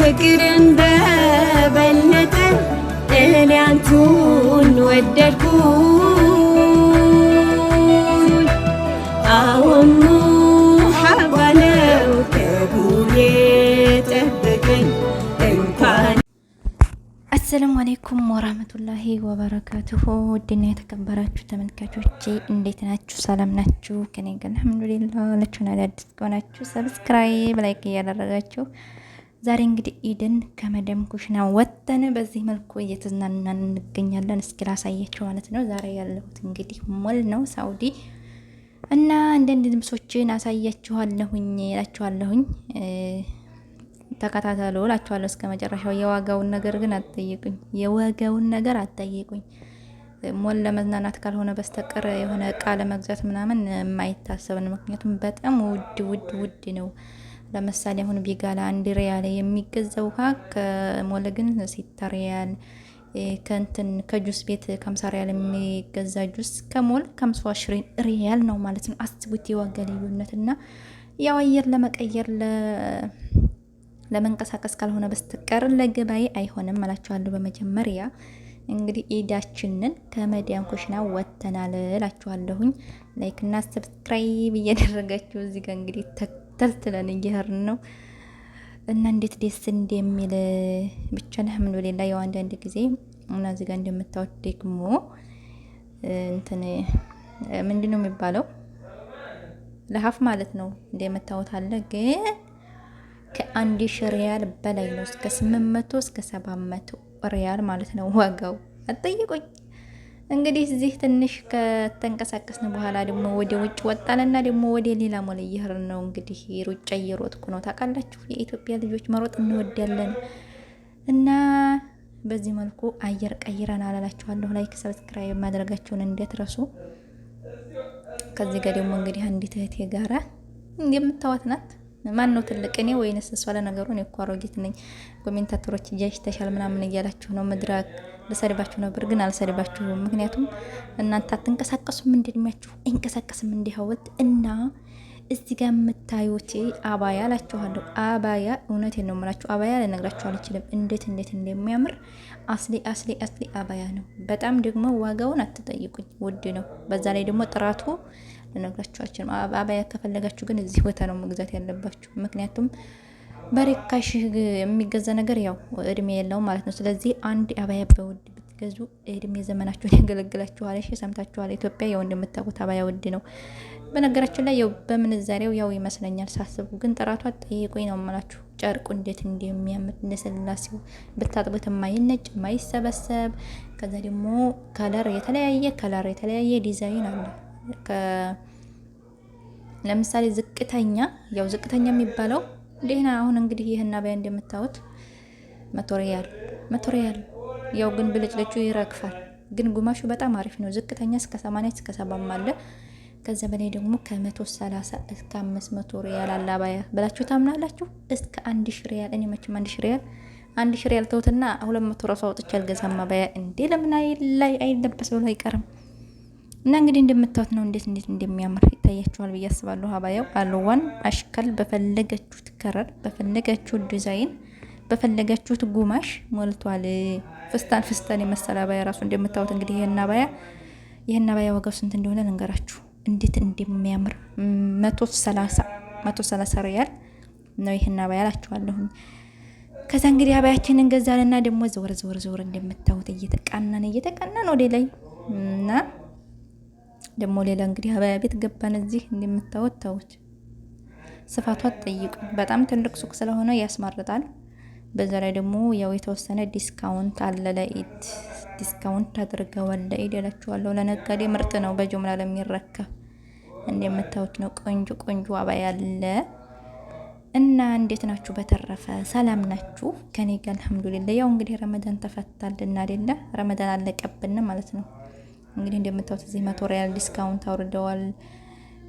ፍቅር እንደበለጠ እኔ አንቱን ወደድኩት። አዎን ሙሐባ አሰላሙ አሌይኩም ወራህመቱላሂ ወበረካቱሁ። ውድና የተከበራችሁ ተመልካቾቼ እንዴት ናችሁ? ሰላም ናችሁ? ከኔ ጋር አልሐምዱሊላህ። ለችሁን አዳዲስ ከሆናችሁ ሰብስክራይብ፣ ላይክ እያደረጋችሁ ዛሬ እንግዲህ ኢድን ከመደም ኩሽና ወጥተን በዚህ መልኩ እየተዝናናን እንገኛለን። እስኪ ላሳያቸው ማለት ነው። ዛሬ ያለሁት እንግዲህ ሞል ነው ሳውዲ እና አንዳንድ ልብሶችን አሳያችኋለሁኝ እላችኋለሁኝ። ተከታተሉ እላችኋለሁ እስከ መጨረሻው። የዋጋውን ነገር ግን አትጠይቁኝ፣ የዋጋውን ነገር አትጠይቁኝ። ሞል ለመዝናናት ካልሆነ በስተቀር የሆነ እቃ ለመግዛት ምናምን የማይታሰብን፣ ምክንያቱም በጣም ውድ ውድ ውድ ነው። ለምሳሌ አሁን ቢጋላ አንድ ሪያል የሚገዛ ውሃ ከሞለ ግን ሲታ ሪያል ከንትን ከጁስ ቤት ከምሳ ሪያል የሚገዛ ጁስ ከሞል ከአምሳ አሽሪን ሪያል ነው ማለት ነው። አስቡት የዋጋ ልዩነት እና ያው አየር ለመቀየር ለመንቀሳቀስ ካልሆነ በስተቀር ለገበያ አይሆንም እላችኋለሁ። በመጀመሪያ እንግዲህ ኢዳችንን ከመዲያም ኩሽና ወጥተናል እላችኋለሁኝ። ላይክ እና ሰብስክራይብ እያደረጋችሁ እዚህ ጋር እንግዲህ ተልትለን እየሄርን ነው እና እንዴት ደስ እንደሚል ብቻ ነህምን በሌላ ያው አንዳንድ ጊዜ እና እዚህ ጋር እንደምታወት ደግሞ እንትን ምንድን ነው የሚባለው ለሀፍ ማለት ነው እንደምታወት አለ ግን ከአንድ ሺ ሪያል በላይ ነው። እስከ ስምንት መቶ እስከ ሰባት መቶ ሪያል ማለት ነው ዋጋው። አትጠይቁኝ። እንግዲህ እዚህ ትንሽ ከተንቀሳቀስን በኋላ ደግሞ ወደ ውጭ ወጣንና ደግሞ ወደ ሌላ ሞል እየሄድን ነው። እንግዲህ ሩጫ እየሮጥኩ ነው። ታውቃላችሁ የኢትዮጵያ ልጆች መሮጥ እንወዳለን እና በዚህ መልኩ አየር ቀይረን አላላችኋለሁ። ላይክ ሰብስክራይብ ማድረጋችሁን እንዳትረሱ። ከዚህ ጋር ደግሞ እንግዲህ አንዲት እህቴ ጋራ እንደምታዋት ናት ማን ነው ትልቅ እኔ ወይንስ እሷ? ለነገሩ እኔ እኮ አሮጊት ነኝ። ኮሜንታተሮች እጃጅተሻል ምናምን እያላችሁ ነው መድረክ ልሰድባችሁ ነበር፣ ግን አልሰድባችሁም። ምክንያቱም እናንተ አትንቀሳቀሱም፣ እንደድሜያችሁ አይንቀሳቀስም እንዲህወት እና እዚህ ጋር የምታዩት አባያ ላችኋለሁ። አባያ እውነቴን ነው የምላችሁ፣ አባያ ልነግራችሁ አልችልም፣ እንዴት እንዴት እንደሚያምር አስሊ አስሊ አስሊ አባያ ነው። በጣም ደግሞ ዋጋውን አትጠይቁኝ፣ ውድ ነው። በዛ ላይ ደግሞ ጥራቱ ልነግራችሁ አልችልም። አባያ ከፈለጋችሁ ግን እዚህ ቦታ ነው መግዛት ያለባችሁ። ምክንያቱም በርካሽ የሚገዛ ነገር ያው እድሜ የለውም ማለት ነው። ስለዚህ አንድ አባያ በውድ ብትገዙ እድሜ ዘመናችሁን ያገለግላችኋል። እሺ ሰምታችኋል። ኢትዮጵያ የወንድ እንደምታውቁት አባያ ውድ ነው። በነገራችን ላይ ያው በምንዛሬው ያው ይመስለኛል ሳስቡ፣ ግን ጥራቷ ጠይቆኝ ነው የምላችሁ። ጨርቁ እንዴት እንደሚያምር እንደስላሴው ብታጥቡት የማይነጭ የማይሰበሰብ፣ ከዛ ደግሞ ከለር የተለያየ ከለር የተለያየ ዲዛይን አለው። ለምሳሌ ዝቅተኛ ያው ዝቅተኛ የሚባለው ደህና። አሁን እንግዲህ ይህና በያ እንደምታዩት መቶሪያል መቶሪያል ያው ግን ብልጭልጩ ይረግፋል። ግን ጉማሹ በጣም አሪፍ ነው። ዝቅተኛ እስከ 80 እስከ 70 አለ። ከዛ በላይ ደግሞ ከ130 እስከ 500 ሪያል አላባያ ብላችሁ ታምናላችሁ? እስከ 1000 ሪያል እኔ መቼም 1000 ሪያል 1000 ሪያል ተውትና 200 መቶ ራሱ አውጥቼ አልገዛም። አባያ እንዴ ለምን አይ ላይ አይለበስ ብሎ አይቀርም? እና እንግዲህ እንደምታዩት ነው እንዴት እንዴት እንደሚያምር ይታያችኋል ብዬ አስባለሁ። አባያው አልዋን አሽከል በፈለገችሁት ከረር በፈለገችሁት ዲዛይን በፈለገችሁት ጉማሽ ሞልቷል። ፍስታን ፍስታን የመሰለ አባያ ራሱ እንደምታዩት እንግዲህ ይህና አባያ ይሄን አባያ ዋጋው ስንት እንደሆነ ልንገራችሁ እንዴት እንደሚያምር መቶ ሰላሳ መቶ ሰላሳ ሪያል ነው ይሄን አባያ እላችኋለሁ። ከዛ እንግዲህ አባያችንን እንገዛልና ደግሞ ዘወር ዘወር ዘወር እንደምታዩት እየተቃናን እየተቃናን ወደ ላይ እና ደግሞ ሌላ እንግዲህ አበያ ቤት ገባን። እዚህ እንደምታወት ታወች ስፋቷ ጠይቁ። በጣም ትልቅ ሱቅ ስለሆነ ያስመርጣል። በዛ ላይ ደግሞ ያው የተወሰነ ዲስካውንት አለ። ለኢድ ዲስካውንት አድርገዋል። ለኢድ እላችኋለሁ። ለነጋዴ ምርጥ ነው፣ በጅምላ ለሚረከብ እንደምታዩት ነው። ቆንጆ ቆንጆ አበያ አለ። እና እንዴት ናችሁ? በተረፈ ሰላም ናችሁ? ከኔ ጋር አልሐምዱሊላ። ያው እንግዲህ ረመዳን ተፈታልና አይደለ? ረመዳን አለቀብን ማለት ነው። እንግዲህ እንደምታዩት እዚህ መቶ ሪያል ዲስካውንት አውርደዋል።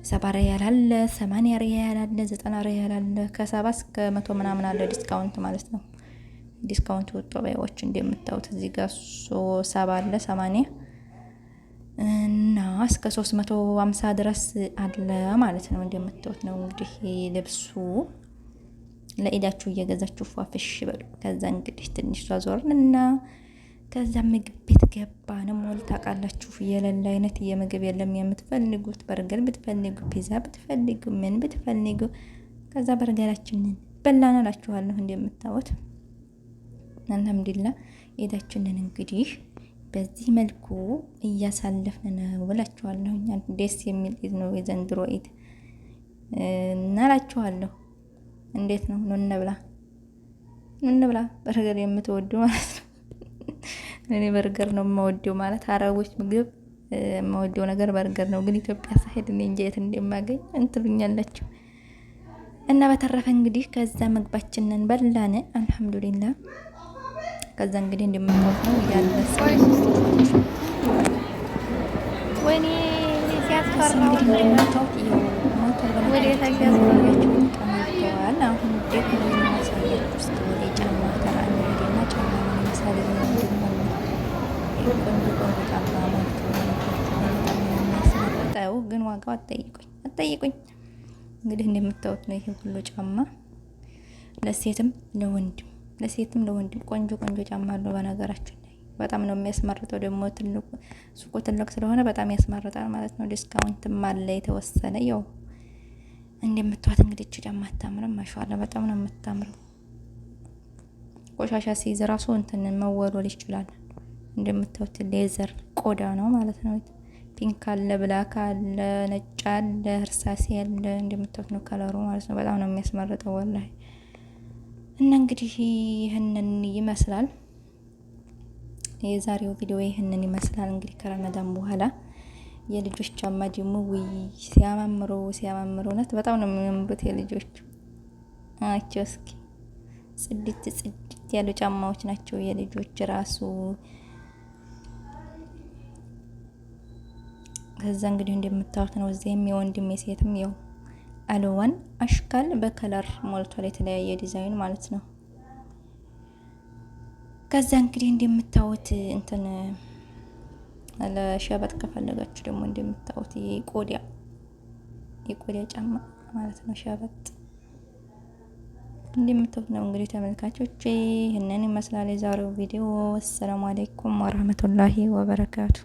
ሰባ ሪያል አለ፣ ሰማንያ ሪያል አለ፣ ዘጠና ሪያል አለ። ከሰባ እስከ መቶ ምናምን አለ ዲስካውንት ማለት ነው። ዲስካውንት ወጦ ባይዎች እንደምታዩት እዚህ ጋር ሰባ አለ፣ ሰማንያ እና እስከ ሶስት መቶ አምሳ ድረስ አለ ማለት ነው። እንደምታዩት ነው እንግዲህ ልብሱ ለኢዳችሁ እየገዛችሁ ፏፍሽ በሉ። ከዛ እንግዲህ ትንሽ ዟዞርን እና ከዛ ምግብ ቤት ገባን። ሞል ታውቃላችሁ፣ የሌለ አይነት የምግብ የለም። የምትፈልጉት በርገር ብትፈልጉ፣ ፒዛ ብትፈልጉ፣ ምን ብትፈልጉ፣ ከዛ በርገራችንን በላን እላችኋለሁ። እንደምታወት አልሐምዱላ ሄዳችንን እንግዲህ በዚህ መልኩ እያሳለፍን ነው እላችኋለሁ። ደስ የሚል ኢድ ነው የዘንድሮ ኢድ እናላችኋለሁ። እንዴት ነው? ኑ እንብላ፣ ኑ እንብላ በርገር የምትወዱ ማለት ነው እኔ በርገር ነው የማወደው ማለት አረቦች ምግብ የማወደው ነገር በርገር ነው። ግን ኢትዮጵያ ሳሄድ እኔ እንጃ የት እንደማገኝ እንትሉኛላችሁ። እና በተረፈ እንግዲህ ከዛ ምግባችንን በላን አልሐምዱሊላ። ከዛ እንግዲህ እንደምታወቅ ነው ያለ ሰው ወይኔ ሲያስፈራ ግን ዋጋው አጠይቁኝ አጠይቁኝ። እንግዲህ እንደምታዩት ነው ይሄ ሁሉ ጫማ ለሴትም ለወንድም ለሴትም ለወንድም ቆንጆ ቆንጆ ጫማ አለው። በነገራችን ላይ በጣም ነው የሚያስመርጠው። ደግሞ ትልቁ ሱቁ ትልቅ ስለሆነ በጣም ያስመርጣል ማለት ነው። ዲስካውንትም አለ የተወሰነ። ያው እንደምታዩት እንግዲህ እች ጫማ አታምርም? ማሻአላ በጣም ነው የምታምረው። ቆሻሻ ሲይዝ ራሱ እንትን መወልወል ይችላል። እንደምታዩት ሌዘር ቆዳ ነው ማለት ነው። ፒንክ አለ፣ ብላክ አለ፣ ነጭ አለ፣ እርሳሴ አለ። እንደምታዩት ነው ከለሩ ማለት ነው። በጣም ነው የሚያስመርጠው ወላሂ። እና እንግዲህ ይህንን ይመስላል የዛሬው ቪዲዮ ይህንን ይመስላል። እንግዲህ ከረመዳን በኋላ የልጆች ጫማ ደግሞ ውይ ሲያማምሩ ሲያማምሩ እውነት በጣም ነው የሚያምሩት የልጆቹ ናቸው። እስኪ ጽድት ጽድት ያሉ ጫማዎች ናቸው የልጆች ራሱ ከዛ እንግዲህ እንደምታወት ነው። እዚህም የወንድም የሴትም ያው አልዋን አሽካል በከለር ሞልቷል፣ የተለያየ ዲዛይን ማለት ነው። ከዛ እንግዲህ እንደምታዩት እንትን ለሸበጥ ከፈለጋችሁ ደግሞ እንደምታወት የቆዳ የቆዳ ጫማ ማለት ነው። ሸበጥ እንደምታወት ነው እንግዲህ ተመልካቾች፣ ይህንን ይመስላል የዛሬው ቪዲዮ። አሰላሙ አለይኩም ወረህመቱላሂ ወበረካቱ